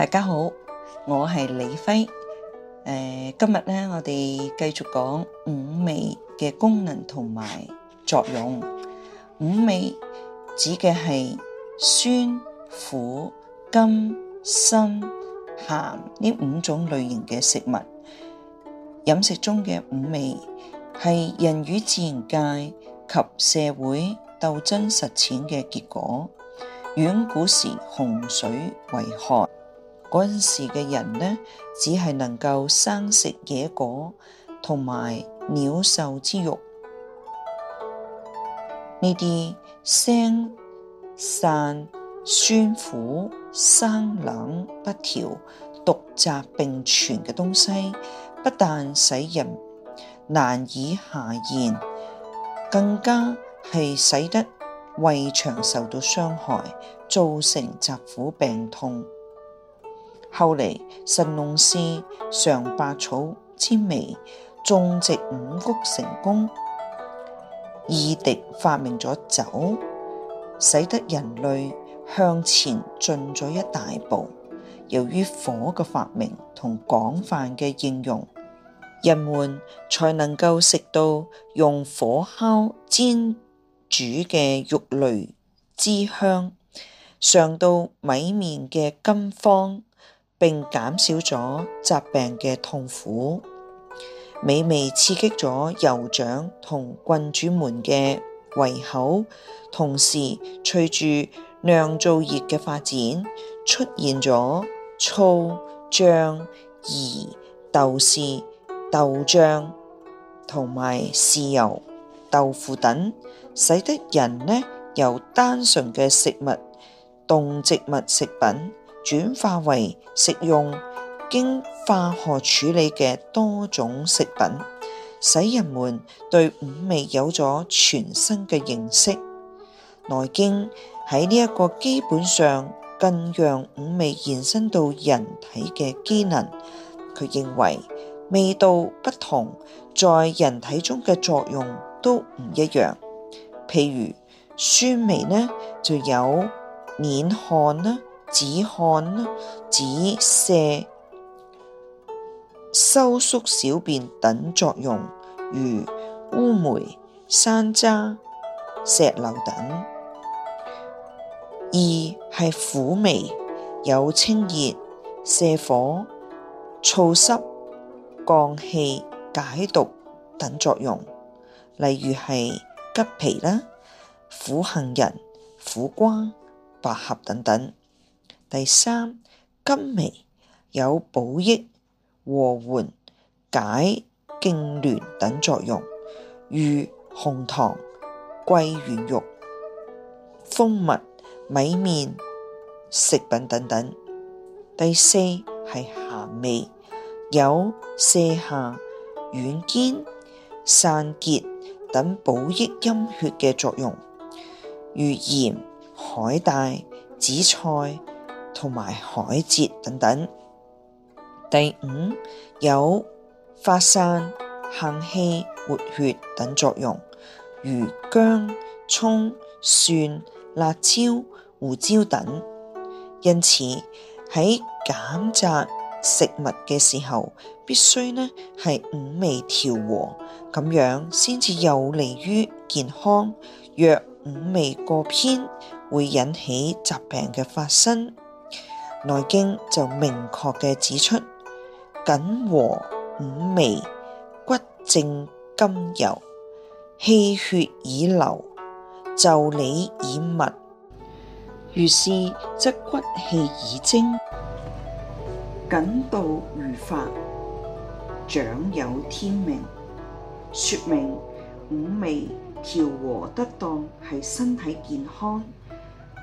大家好，我係李輝。誒，今日呢，我哋繼續講五味嘅功能同埋作用。五味指嘅係酸、苦、甘、辛、鹹呢五種類型嘅食物。飲食中嘅五味係人與自然界及社會鬥爭實踐嘅結果。遠古時洪水為害。嗰陣時嘅人呢，只係能夠生食野果同埋鳥獸之肉。呢啲腥、散、酸、苦、生冷、冷不調、毒雜並存嘅東西，不但使人難以下咽，更加係使得胃腸受到傷害，造成疾苦病痛。後嚟，神農氏嘗百草千味，種植五穀成功。儀狄發明咗酒，使得人類向前進咗一大步。由於火嘅發明同廣泛嘅應用，人們才能夠食到用火烤、煎、煎、煮嘅肉類之香，嘗到米麵嘅甘芳。並減少咗疾病嘅痛苦，美味刺激咗酋長同郡主們嘅胃口，同時隨住釀造業嘅發展，出現咗醋、醬、鹽、豆豉、豆醬同埋豉油、豆腐等，使得人呢由單純嘅食物、動植物食品，轉化為食用經化學處理嘅多種食品，使人們對五味有咗全新嘅認識。《內經》喺呢一個基本上更讓五味延伸到人體嘅機能。佢認為味道不同，在人體中嘅作用都唔一樣。譬如酸味呢，就有斂汗啦。止汗、止瀉、收縮小便等作用，如烏梅、山楂、石榴等。二係苦味，有清熱、瀉火、燥濕、降氣、解毒等作用，例如係橘皮啦、苦杏仁、苦瓜、百合等等。第三，甘味有補益和緩解痙攣等作用，如紅糖、桂圓肉、蜂蜜、米麵食品等等。第四係鹹味，有瀉下、軟堅、散結等補益陰血嘅作用，如鹽、海帶、紫菜。同埋海蜇等等。第五有發散行氣活血等作用，如薑、蔥、蔥、蒜、辣椒、胡椒等。因此喺揀擇食物嘅時候，必須呢係五味調和，咁樣先至有利於健康。若五味過偏，會引起疾病嘅發生。《內經》就明確嘅指出，謹和五味，骨正筋柔，氣血以流，腠理以密，於是則骨氣以精，謹道如法，長有天命。説明五味調和得當係身體健康，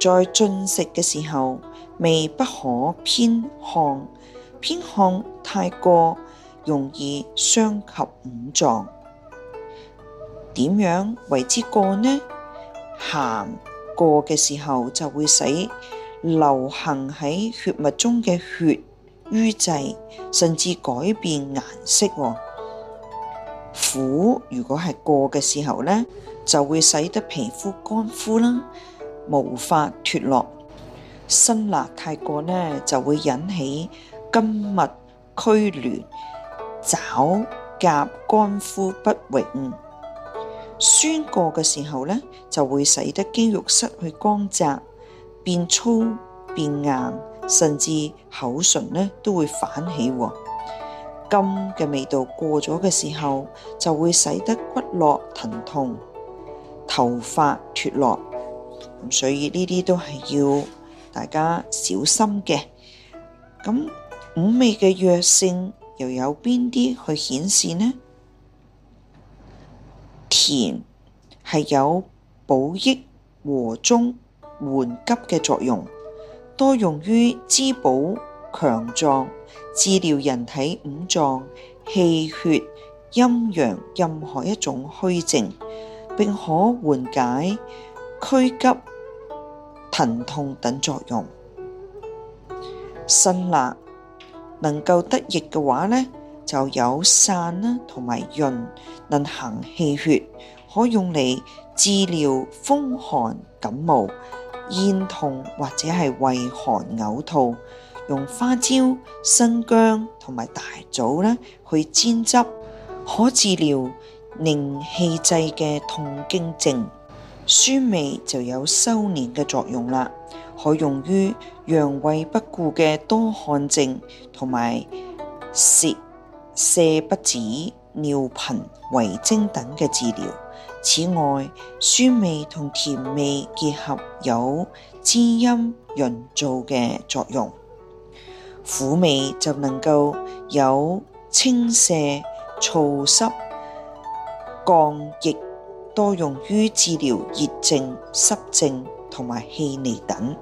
在進食嘅時候，味不可偏寒，偏寒太過容易傷及五臟。點樣為之過呢？鹹過嘅時候就會使流行喺血脈中嘅血瘀滯，甚至改變顏色。苦如果係過嘅時候呢，就會使得皮膚乾枯啦。毛髮脫落，辛辣太過呢就會引起筋脈拘攣、爪甲乾枯不榮；酸過嘅時候呢就會使得肌肉失去光澤，變粗變硬，甚至口唇呢都會反起；甘嘅味道過咗嘅時候就會使得骨骼疼痛、頭髮脫落。所以呢啲都係要大家小心嘅。咁五味嘅藥性又有邊啲去顯示呢？甜係有補益和中緩急嘅作用，多用於滋補強壯，治療人體五臟氣血陰陽任何一種虛症，並可緩解拘急。疼痛等作用，辛辣能夠得益嘅話咧，就有散啦，同埋潤，能行氣血，可用嚟治療風寒感冒、咽痛或者係胃寒嘔吐。用花椒、生薑同埋大棗咧去煎汁，可治療凝氣滯嘅痛經症。酸味就有收斂嘅作用啦，可用於陽胃不固嘅多汗症，同埋泄瀉不止、尿頻、遺精等嘅治療。此外，酸味同甜味結合有滋陰潤燥嘅作用，苦味就能夠有清瀉燥濕、降逆。多用於治療熱症、濕症同埋氣膩等，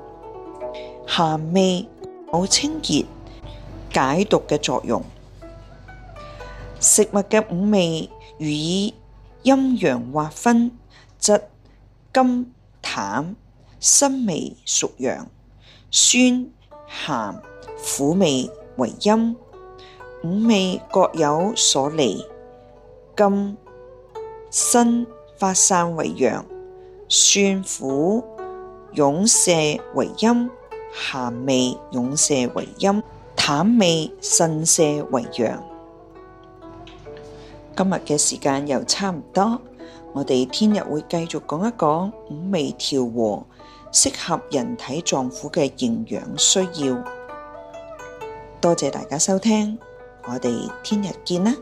鹹味有清熱、解毒嘅作用。食物嘅五味，如以陰陽劃分，則甘、淡、辛味屬陽，酸、鹹、苦味為陰。五味各有所利，甘、辛。發散為陽，酸苦涌瀉為陰，鹹味涌瀉為陰，淡味滲瀉為陽。今日嘅時間又差唔多，我哋聽日會繼續講一講五味調和，適合人體臟腑嘅營養需要。多謝大家收聽，我哋聽日見啦。